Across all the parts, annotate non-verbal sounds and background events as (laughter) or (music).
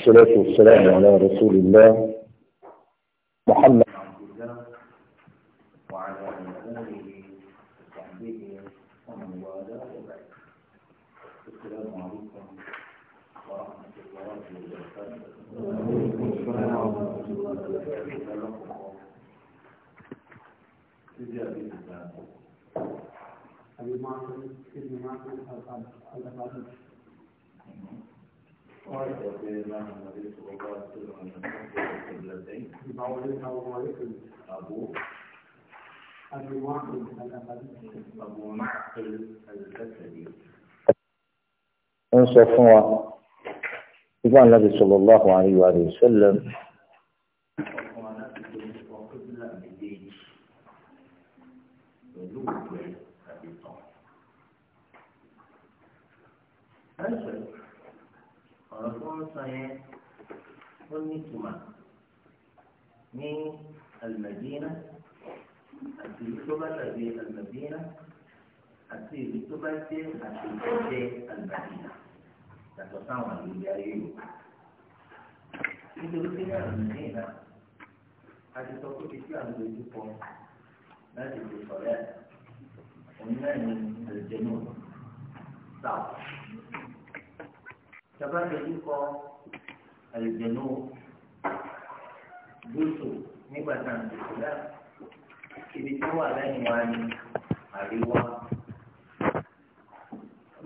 والصلاة والسلام على رسول الله محمد وعلى آله وصحبه ومن والاه عليكم ورحمة الله وبركاته. أبي ابن أبو الله معقل أبو النبي صلى الله عليه وآله وسلم Thank you. tó ń sọ yẹn ó ní ìtumọ̀ ní alìmọ̀dínà àti ìlú tó bá tàbí alìmọ̀dínà àti ìlú tó bá jẹ́ àti ìlú jẹ́ alìmọ̀dínà yàtọ̀ sáwọn ìlú ayé yorùbá nítorí pé ní alìmọ̀dínà àti sọ pé kí àlùdójúkọ láti lè sọ̀rọ̀ ẹ̀ òun náà ní àlùjẹ́ náà tẹ́fẹ́ dojú kọ àlùjẹ̀nù gúúsù nígbà tá à ń dùkú náà ibi tó wà lẹ́yìn wa ni àríwá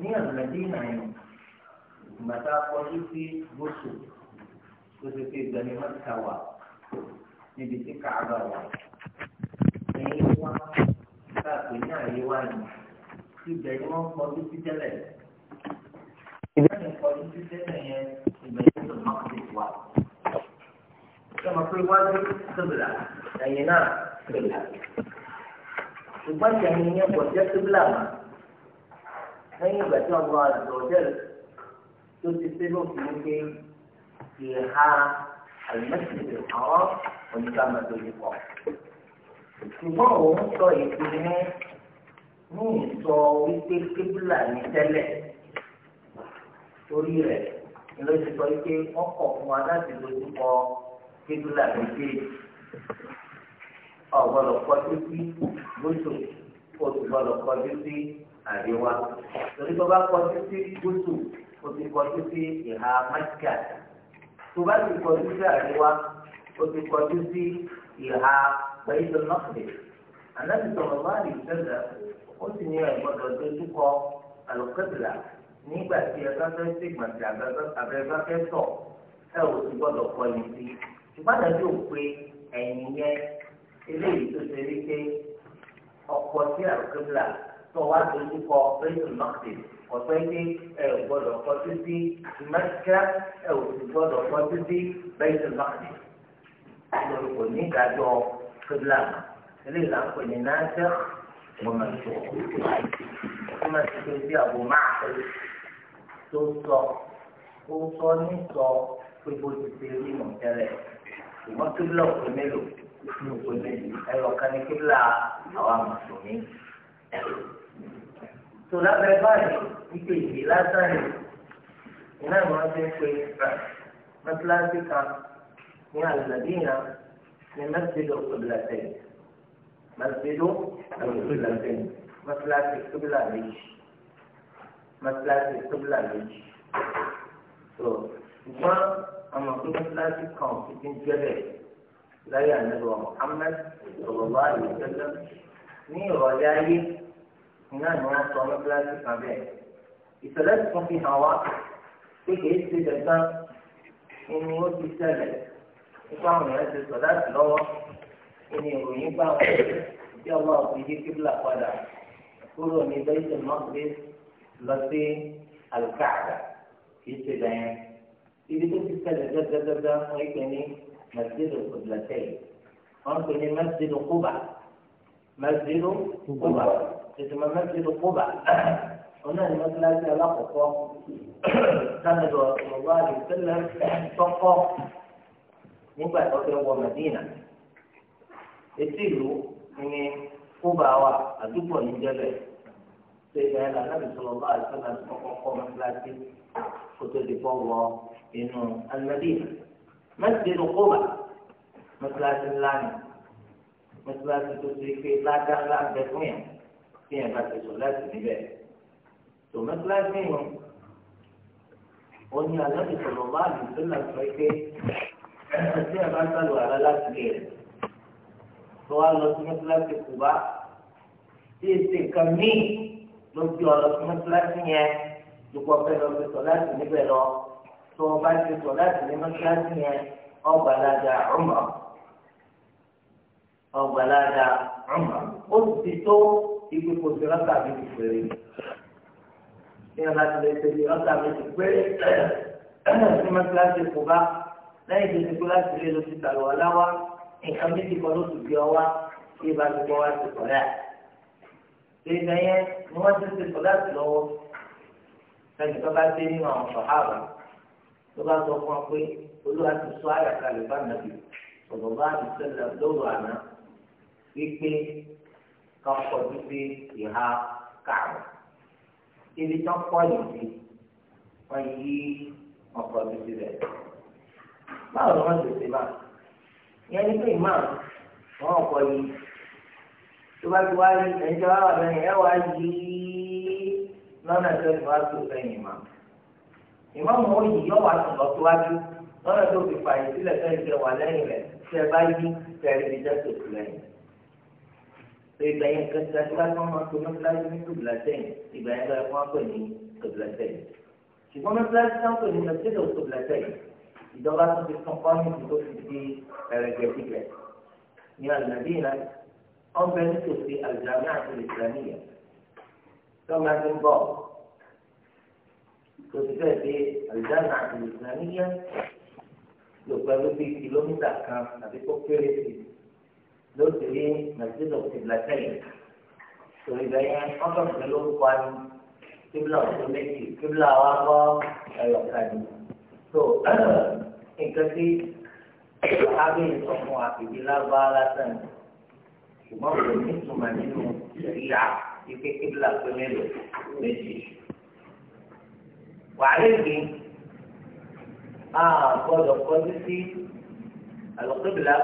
ní àlùlẹ́dí ìnáyọ̀ ìgbà tá a kọjú sí gúúsù tó ti fi gbẹ̀mí mọ́ta wà níbi tí káàbà wà ẹ̀yìn wá káàpì ní àríwá ni ibẹ̀ ni wọ́n kọjú sí tẹ́lẹ̀ ti kọjú sí sẹ́sẹ̀ yẹn ìgbẹ̀yìn tó máa kọjú sí wa. sọmọ pé wájú tóbìlà ẹ̀yìn náà tóbìlà. ṣùgbọ́n ìyẹn yẹn pọ̀ jẹ́ tóbìlà mọ́. lẹ́yìn ìgbà tí ọmọ àdùrọ̀jẹ́ tó ti ṣe lófin pé ìhà àlùmọ́sílẹ̀ àwọn oníkàmọ́ tó yẹ pọ̀. ṣùgbọ́n òun sọ èdè ní ní ìsọ wípé kébìlà ní tẹ́lẹ̀ torí rẹ̀ ló ti sọ pé wọ́n kọ̀ fún wa láti dojú kọ kíkúlà méjèèjì ọ̀gbọ́dọ̀ kọjú sí gúúsù o sì gbọ́dọ̀ kọjú sí àríwá torí tó bá kọjú sí gúúsù o ti kọjú sí ìhà májíkà tó bá ti kọjú sí àríwá o ti kọjú sí ìhà gbẹ̀yìndó nọ́ọ̀sì ànábì sọ̀rọ̀ máa rí sẹ́dà ó ní ẹ̀gbọ́dọ̀ dojú kọ àlùkẹ́bìlà nígbà tí ẹ bá fẹ́ ṣègbọ̀nsì àbẹ bá fẹ́ tọ̀ ẹ ò sì gbọ́dọ̀ kọ́ yín sí ṣùgbọ́n àdájọ́ pé ẹ̀yìn yẹn eléyìí tó ṣe rí pé ọkọ̀ sí àrùkébìlà tó wá dojú kọ bẹ́ẹ̀tù nọ́ọ̀tì ọ̀pẹ́ pé ẹ ò gbọ́dọ̀ kọ́ títí mẹ́tíkà ẹ ò sì gbọ́dọ̀ kọ́ títí bẹ́ẹ̀tù nọ́ọ̀tì lórí kò ní ìdájọ́ kébìlà eléyìí là ń pè ní náà ومنصور ثم تجد أبو معقل توصى توصى نصى في بوت السيري ممتلئ ṣùgbọ́n kíbla òkè mélòó ní òkè mélòó ẹ̀rọ kan ní kíbla àwa mùsùlùmí. tó lábẹ́ báyìí wípé ìdí lásán ni iná ìmọ̀ràn ti ń pe mẹ́tíláṣí kan ní àlùbẹ́dìyàn ní mẹ́tíláṣí lọ́kọ̀ọ́dúnlá tẹ̀lé àgbéló àgbélàtẹ̀yìn mọ́sálásí tóbílà méjì mọ́sálásí tóbílà méjì tó ṣùgbọ́n ọmọ tó mọ́sálásí kan títí ń jẹ́lẹ̀ láyé àníbọ̀ Muhammad ọ̀bọ̀bọ̀ àyẹ̀tẹ́lẹ̀ ní ìrọ̀lẹ́ ayé iná ni wọ́n sọ mọ́sálásí kan bẹ́ẹ̀ ìṣẹ̀lẹ̀ tó fi hàn wá pé kìí ṣe dẹ̀gbọ́n ni ó ti ṣẹlẹ̀ nípa àwọn èèyàn ti sọ̀ láti lọ́wọ́ ìní ìròyìn gbà wọn bí ọmọ ọ̀sìn yí kíbla padà kúrò ní bẹ́ẹ̀sì mọ́tì lọ sí alùkáàdà kìí ṣe bẹ́ẹ̀ ibi tó ti ṣẹlẹ̀ gẹ́gẹ́gẹ́gẹ́ fún ìpè ní masjidu kùdìlẹ́tẹ̀yì wọ́n pè ní masjidu kúbà masjidu kúbà ìtumọ̀ masjidu kúbà ọ̀nà ni mọ́tíláṣí alákọ̀ọ́kọ́ sanadu ọ̀sùn wà lè tọ́kọ́ nígbà tó fẹ́ wọ Mẹ́dínà etí ìlú ní kóbá wa àdúgbò ní jẹbẹ ṣe ìgbàlá alábì sọlọ bá àìsàn àti kọkọ kọ mọsálásí kótó ti fọ wọ inú alimẹdínà mẹsìlélù kóbá mọsálásí ńlá ni mọsálásí tó ti pé ládá ńlá bẹ fún yẹn tí yẹn bá ti sọ láti níbẹ̀ tó mọsálásí yẹn ó ní alábì sọlọ bá àìsàn àti kọkọ pé ẹsẹ yẹn bá sálù àrà láti lè rẹ lọ wá lọ sí mọ́sálásí kùbá tí èsì kan míì ló fi ọ lọ sí mọ́sálásí yẹn dùkọ̀ fẹ́ lọ sí sọ̀láṣí níbẹ̀ lọ tó o bá ti sọ̀láṣí ní mọ́sálásí yẹn ọgbàlájà ọmọ ọgbàlájà ọmọ ó ti tó ibi kò sí rọ́tà mi ti péré ní ọ̀la ti lè tẹ̀lé rọ́tà mi ti péré (clears throat) sí mọ́sálásí kùbá lẹ́yìn tó ti kú láti lé lọ sí tàlùwà láwá nǹkan méjì kan ló ti gbé ọ wá tí ìbá ti gbọ́ wá ti sọ̀dá. Ìgbà yẹn ni wọ́n ti ti sọ̀dá sí lọ́wọ́. Ẹnì kan bá dé nínú àwọn sọ̀hábà ló bá sọ fún ọ pé olúwa ti sọ àyàká lè bá nàbì sọ̀rọ̀ bá ti sẹ́lẹ̀ lóru àná wípé kan kọ ìhà kàrọ̀. Ibi tán pọ̀ yìí wọ́n yí ọkọ̀ títí rẹ̀. Báwo ni wọ́n ti ṣe báyìí? ìyẹn ní pé ìmáà wọn ọkọ yìí tó bá ti wá rí ẹ̀ńtẹ́ wá wà lẹ́yìn ẹ̀ wá yí lọ́nà tó ti wá tó lẹ́yìn ìmáà ìmáà mọ̀ òyì yọ wà sùn lọ síwájú lọ́nà tó fi fàyè sílẹ̀ sẹ́yìn tẹ wà lẹ́yìn rẹ̀ tẹ bá yí tẹ̀lé ìjà tó ti lẹ́yìn. pé ìgbà yẹn kẹta tí wọ́n máa tó mọ́tíláṣí ní tòbílà sẹ́yìn ìgbà yẹn kẹta wọ́n pè ní tòbílà sẹ́yìn ṣùgbọ́n mọ́tíláṣí ìjọba tó ti tún kọ́yìn tó fi di ẹ̀rẹ̀gẹ̀ gbígbẹ. ní àgbàdìyà ọbẹ̀ nítòsí àlùjáde àti ìsìlámìyà tọ́lá ti ń bọ̀ tó ti fẹ́ dé àlùjáde àti ìsìlámìyà lò pẹ̀lú bíi kìlómítà kan àti kó kéré sí i ló ti rí nàìjíríà ti torí bẹ́ẹ̀ ọgọ́rùn-ún lórúkọ ni kíbla ọ̀dọ́ méjì kíbla wa kọ́ ẹ̀yọ̀kan ni tó (clears throat) nǹkan tí abẹ́ ìsọ̀kan àbìbí lábá lásán ṣùgbọ́n kò ní ìtumọ̀ nínú ìyá ike kíbla pé mélòó méjì. wàhálà èdè a gbọ́dọ̀ kọjú sí àlọ́kébìlà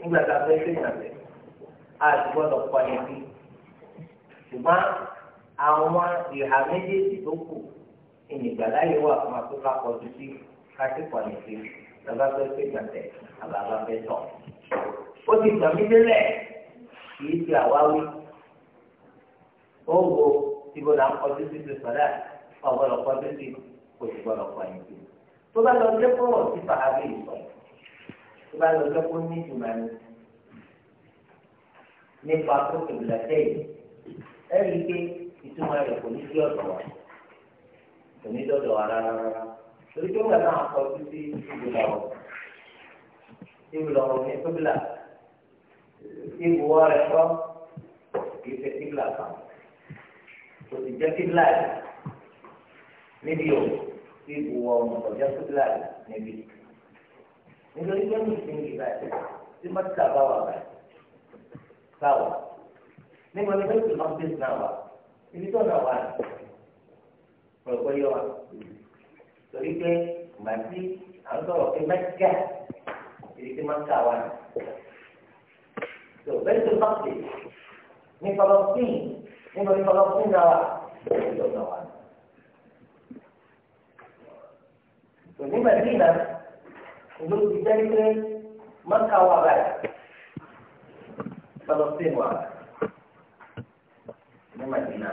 nígbà tá a fẹ́ ṣe ìrìnàjò a gbọ́dọ̀ kọjú sí ṣùgbọ́n àwọn ìhà méjèèjì tó kù ìnìgbàláyé wà fún akókò akọjú sí akẹ́kọ̀ọ́ nìkan bàbá fẹ́ fẹ́ gbàtẹ́ àbàbà fẹ́ tọ̀. ó ti tàn mí délẹ̀ kì í ti àwáwí. ó wo ibo là ń kọjú sí ti sọ̀dá ọ̀gbọ́dọ̀ kọjú sí kò sì gbọ́dọ̀ kọ ẹ̀yìn sí. tó bá lọ lẹ́kọ̀ọ́ sí fàábì ìsọ̀ tó bá lọ lẹ́kọ̀ọ́ ní ìjùmọ̀ ni nípa tó kébìlà sẹ́yìn ẹ̀rí pé ìtumọ̀ rẹ̀ kò ní sí ọ̀dọ̀ wa kò ní dọ̀dọ̀ wa rárá rárá torí pé wọn náà kọ títí ìbùlà ọ ìbùlà ọ ní pébìlà ìbùwọ rẹ kọ kì í ṣe pébìlà kan kò sì jẹ pébìlà yìí níbi o ìbùwọ ọmọ kò jẹ pébìlà yìí níbi nítorí pé mi ti ń yí báyìí tí mo ti ta bá wà báyìí báwo nígbà tí mo ti lọ sí ìsìn náà wà ibi tó náà wà ní ọ̀pọ̀ yẹ wa torí pé ìgbà tí à ń sọ̀rọ̀ pé mẹ́tíkà ìdí tí máa ń kà wá ní. tó bẹ́ẹ̀ tó pàṣẹ ní fọlọ́fín nínú ní fọlọ́fín náà wà bẹ́ẹ̀ tó náà wà. tó ní mẹ́tíkà ìlú ti jẹ́ pé mẹ́tíkà wà báyìí fọlọ́fín wà ní mẹ́tíkà.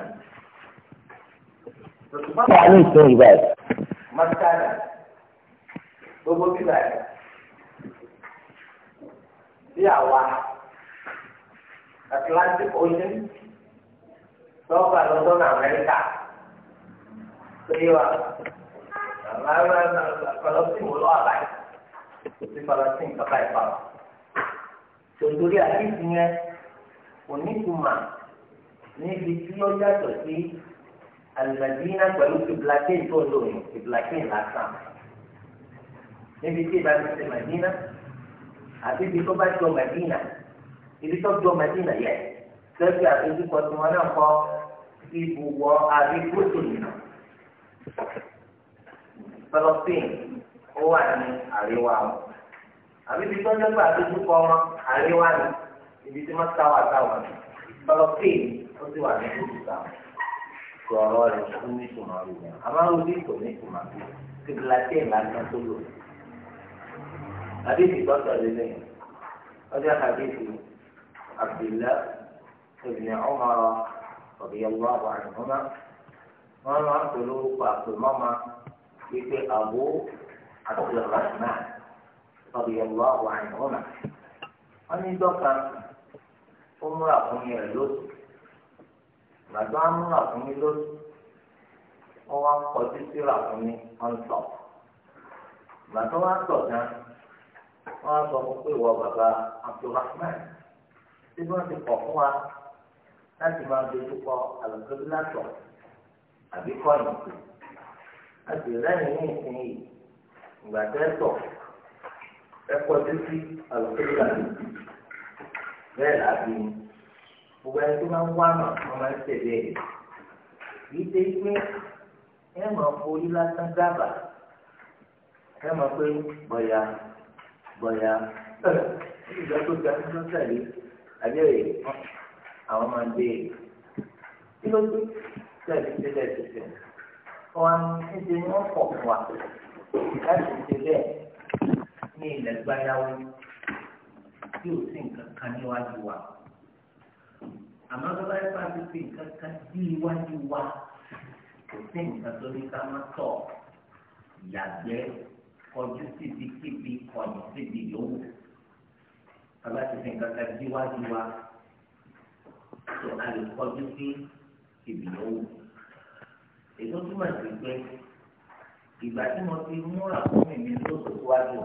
Àwọn ìṣòro ìgbà yìí mọ́tàlá gbogbo bíbá yìí bí àwa Atlantic Ocean lọ́ọ̀bà lọ́dọ̀ ní Amẹ́ríkà tó yẹ wa Palestine wò lọ́wọ́ àbáyé kò sí Palestine kàkà ìfà wa tòtòrí àdéhùn yẹn kò ìtumà níbi tí ó yàtọ̀ sí alimadina pẹ̀lú kìbìlàkìn tó ń lò yìí kìbìlàkìn lásán níbi tí ìbá ti ṣe madina àti ibi tó bá jọ madina ibi tó jọ madina yẹ sẹ́kì àdójúkọ tí wọ́n náà kọ́ ibùwọ̀ àdígbòtò nìyà Palestine ó wà ní àríwá wọn àbí ibi tó ń dẹ́gbà àdójúkọ wọn àríwá ni ibi tí wọ́n táwà táwà Palestine ó sì wà ní ìlú táwọn sọ̀rọ̀ rẹ̀ fún nítumọ̀ rẹ̀ yẹn àmọ́ bí kò nítumọ̀ rẹ̀ kíkìlá tí ìlà ń tán tó lò. àdéhùn ìgbọ́sọ̀ lélẹ̀ ọjọ́ àdéhùn Abdullah ibn Umar radiyallahu anhuma wọn máa ń pèlú pàpè mọ́mọ́ wípé Abu Abdurrahman radiyallahu anhuma wọn ní dọ́kan ó múra fún yẹn lóṣù gbàtọ́ á mú ràkúnmí lóṣù wọ́n wá kọjú sí ràkúnmí ọ̀ntọ̀ gbàtọ́ wá tọ̀ tán wọ́n á sọ fún pé ìwọ bàbá Abdulrahman tí wọ́n ti kọ̀ fún wa láti máa dojú kọ àlùkòbí látọ̀ àbí kọ́yìn láti lẹ́yìn ní ìsìn yìí ìgbà tẹ́ tọ̀ ẹ kọjú sí àlùkòbí látọ̀ bẹ́ẹ̀ làbí ni gbogbo ẹni tó bá ń wá mà wọn máa ń tẹ̀lé ẹ̀ yìí ṣe pé ẹ máa forí lásán dábàá ẹ máa pé bọ̀yà bọ̀yà ìjọba tó ga tó tẹ̀lé àbẹ̀rẹ̀ àwọn máa ń béèrè kí ló dé tẹ̀lé tẹ́lẹ̀ tẹ̀lẹ̀ wọn ń ṣe wọn pọ̀ fún wa láti ṣe bẹ́ẹ̀ ní ilẹ̀ gbáyàwó tí ò sí nǹkan kan níwájú wa àmọ́ tó bá yẹ kó a ti fi nǹkan kan dí iwájú wa kò sí nǹkan tó ní ká má tọ̀ yàgbẹ́ kọjú síbi kíbi kọ̀yìn síbi yòówù bàbá ti fi nǹkan kan dí iwájú wa tó a lè kọjú sí ibi yòówù èso túmọ̀ sí pé ìgbà tí mo ti múra fún mi ní lóṣù síwájú.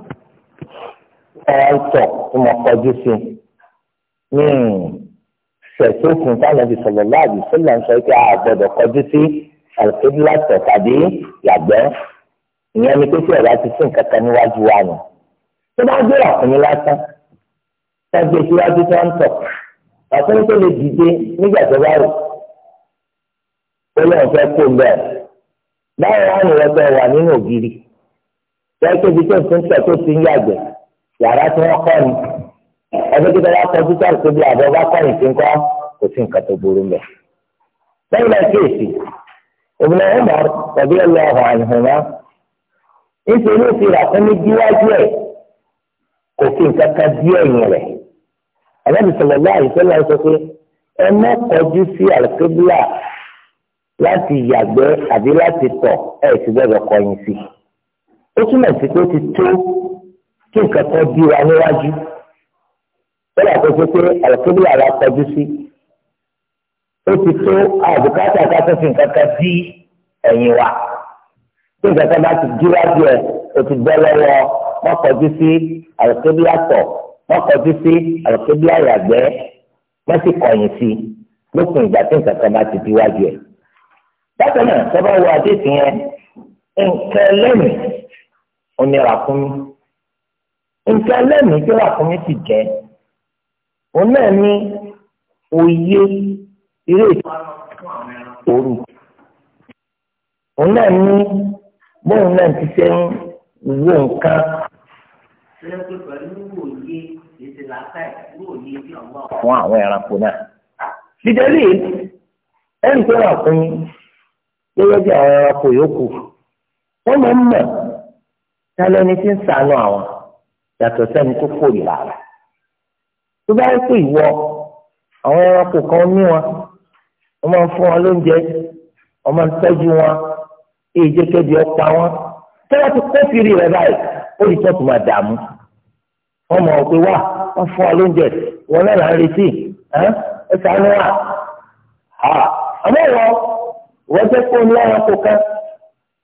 ẹ ń tọ̀ tí kọjú sí i. Hmm tẹ̀sókun tánàbí sallallahu alaihi wasallam ń sọ pé a gbọ́dọ̀ kọjú sí àlùkébílà tẹ̀ tàbí yàgbẹ́ ìyẹn ni pé tí ọ̀rá ti sí nǹkan kan níwájú wa nù. tó bá gbé ọkùnrin lásán tẹ́gbé síwájú tó ń tọ̀ ọkùnrin tó lè dìde nígbà tó bá rò ó lóun fẹ́ kó bẹ́ẹ̀ báwo wá ní ọgbẹ́ wà nínú ògiri tẹ́gbé bí tó ń tọ̀ tó ti ń yàgbẹ́ yàrá tí wọ́n kọ́ ni ẹgbẹ́ tó bá kọjú sí àkóbí àbọ̀ bá kọ́yìn sí nǹkan kò sí nǹkan tó burú mẹ́. lẹ́yìn náà kéèsì Ibn Umar radiyallahu anhuma nítorí ó ti rà fún mi díwájú ẹ̀ kò sí nǹkan kan dí ẹ̀yìn rẹ̀. àlẹ́bí sallallahu alaihi wasallam sọ pé ẹ má kọjú sí àkóbí láti yàgbẹ́ àbí láti tọ̀ ẹ̀ sì gbọ́dọ̀ kọyìn sí. ó túmọ̀ sí pé ó ti tó kí nǹkan kan dí níwájú tọ́lá tó ṣe pé àlùkébí àwa kọjú sí ó ti tó àbùkátà káfẹ́ fi nǹkan kan dí ẹ̀yìn wa tí nǹkan kan bá ti díwájú ẹ̀ ó ti gbọ́ lọ́wọ́ wọ́n kọjú sí àlùkébí àtọ̀ wọ́n kọjú sí àlùkébí àyàgbẹ́ wọ́n sì kọ̀yìn sí lópin ìgbà tí nǹkan kan bá ti díwájú ẹ̀. bákan náà sọ́ba wo àdéhùn yẹn nǹkan lẹ́mìí oníràkúnmí nǹkan lẹ́mìí tí ràkúnmí ti jẹ́ òun náà ní òye eré òru òun náà ní bóun náà ti ṣe ń wo nǹkan. fún àwọn ẹranko náà dídẹ́lì ẹnì tó wà fún gẹ́gẹ́ bí àwọn ẹranko yòókù wọ́n máa ń mọ̀ tálẹ́ni tí ń ṣàánú àwọn yàtọ̀ sẹ́ni tó kórìíra rẹ̀ tó bá yẹ pé ìwọ àwọn ẹranko kan ní wọn wọn máa ń fún wọn lóúnjẹ wọn máa ń tọ́jú wọn èyí jẹ́ kẹ́bi ọ̀pá wọn tẹ́lẹ̀ ti kó fìrí rẹ̀ báyìí ó lè tọ́ tó máa dààmú wọn mọ̀ pé wà wọn fún wọn lóúnjẹ wọn náà là ń retí ẹ sànú wa àmọ́ ìwọ ìwọ jẹ́ kó ní ẹranko kan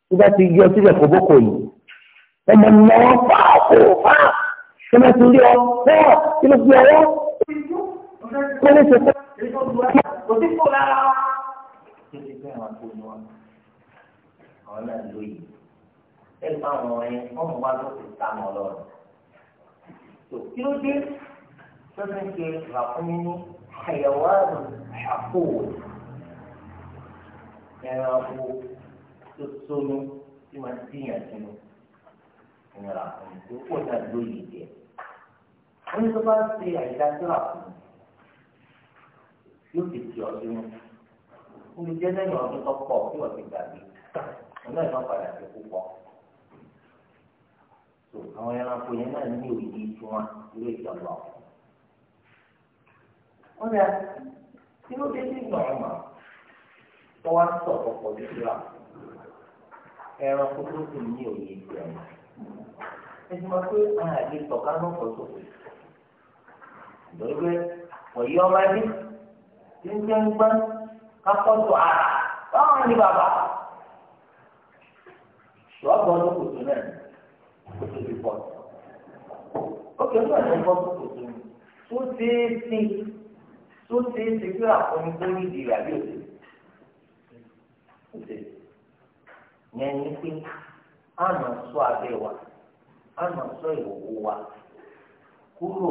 tó bá ti yọ sílẹ̀ kó bókò yìí wọn máa ń náwó fáàkó fáàkó tí wọ́n ti rí ọ pọ̀ kí ló fi ọwọ́ kó lè ṣe pọ̀. àwọn náà lóye ẹni máa wọ̀ ẹ́ ọmọ wa ló ti ta mọ́ lọ́rùn. tó kí ló dé tó fi ń ṣe ràkúnmí ní àyẹ̀wòrán àpò ẹranko tó sónú tí wọ́n ti yàn sínú ìràkúnmí tó pọ̀ náà lóye jẹ́ wọ́n tó bá ṣe àìdájọ́ àkùnrin yóò ti di ọdún mú ní jẹ́ lẹ́yìn ọdún tó pọ̀ tí wọ́n ti gbàgbé ọ̀nà ìmọ̀ padà ti kú tó àwọn ẹranko yẹn náà ní òye tiwọn ilé ìjọba wọn dà tí ló dé sí ìgbà ọmọ tó wá sọ ọ̀pọ̀ ju síra ẹranko tó sì ní òye tiwọn ẹ̀sìn máa pé àyàgbé sọ̀ká náà lórí pé òye ọmọdé tí ń jẹ́ ń gbọ́n kápọ́tù ara báwọn ní bàbá ṣọ́ọ̀bù ọdún kòtò náà kòtò ti pọ̀ ó kẹ́ ń bàjẹ́ kòtò ní tó ṣe é ṣe tó ṣe é ṣe pé àkọ́ni tó ní ìdí rà yóò ṣe yẹn ní pé àmọ̀ sọ abẹ́ wa àmọ̀ sọ ìwòwò wa kúrò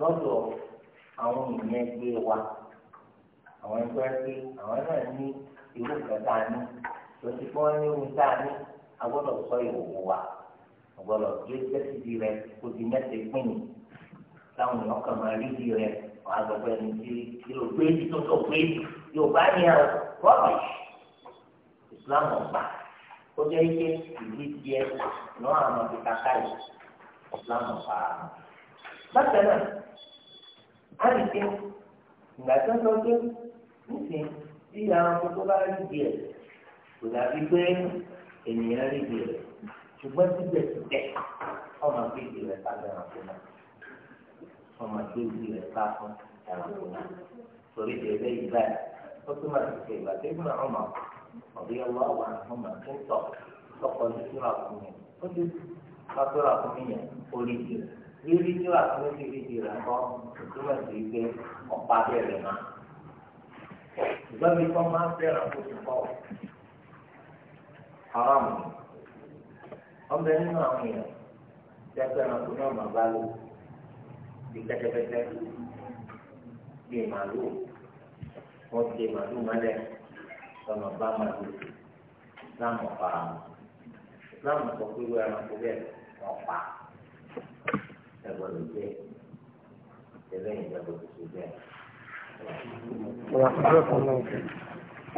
lọ́dọ̀ àwọn èèyàn ẹgbẹ́ wa àwọn ẹgbẹ́ ẹgbẹ́ àwọn náà ní irú kẹta ní lọ́sí kí wọ́n ní irú tá a ní agbọ́dọ̀ sọ ìwòwò wa agbọ́dọ̀ gbé tẹ́sídì rẹ kó di mẹ́tẹ̀ pín táwọn èèyàn kàn máa rí di rẹ wọ́n á gbọ́ ẹni tí yóò gbé ibi tó tó gbé yóò bá ní àwọn rọ́bìṣì Islam ọ̀gbà ó jẹ́ ike ìlú díẹ̀ lọ́wọ́ àwọn ọmọdé kàkà yìí Islam ọ̀gbà. bákan á lè ṣe ìgbà ndị ń sọ pé níṣẹ́ tí àwọn ọmọ bá rí díẹ̀ kò dàbí pé ènìyàn rí díẹ̀ ṣùgbọ́n síbẹ̀síbẹ̀ ọmọ àgbègbè rẹ̀ bá dára fún ndị ọmọ àgbègbè rẹ̀ bá fún dára fún ndị torí ìdílé yìí báyìí ó tún máa ti ṣe ndị tó ndị ọmọ ọ̀bí ọwọ́ àwọn ọmọ tó ń tọ̀ lọ́kọ̀ọ́ ní fún mi ó ti fún mi yẹn rírí tí wà fún oríṣiríṣi rẹ̀ kọ́ tó wà sí pé ọ̀pá bẹ̀rẹ̀ máa. ìgbọ́n mi kọ́ máa ń fẹ́ràn kó tó kọ́ haram ọbẹ̀ nínú àwọn èèyàn tí a fẹ́ràn kó náà máa bá lò bí kẹ́tẹ́kẹ́tẹ́ bí màálù wọ́n ti màálù mọ́lẹ̀ lọ́nà bá màálù láàmú ọ̀pá láàmú sọ pé wọ́n ẹranko ẹgbọ́dọ̀ jẹ́ ẹlẹ́yìn ìjọba òṣèlú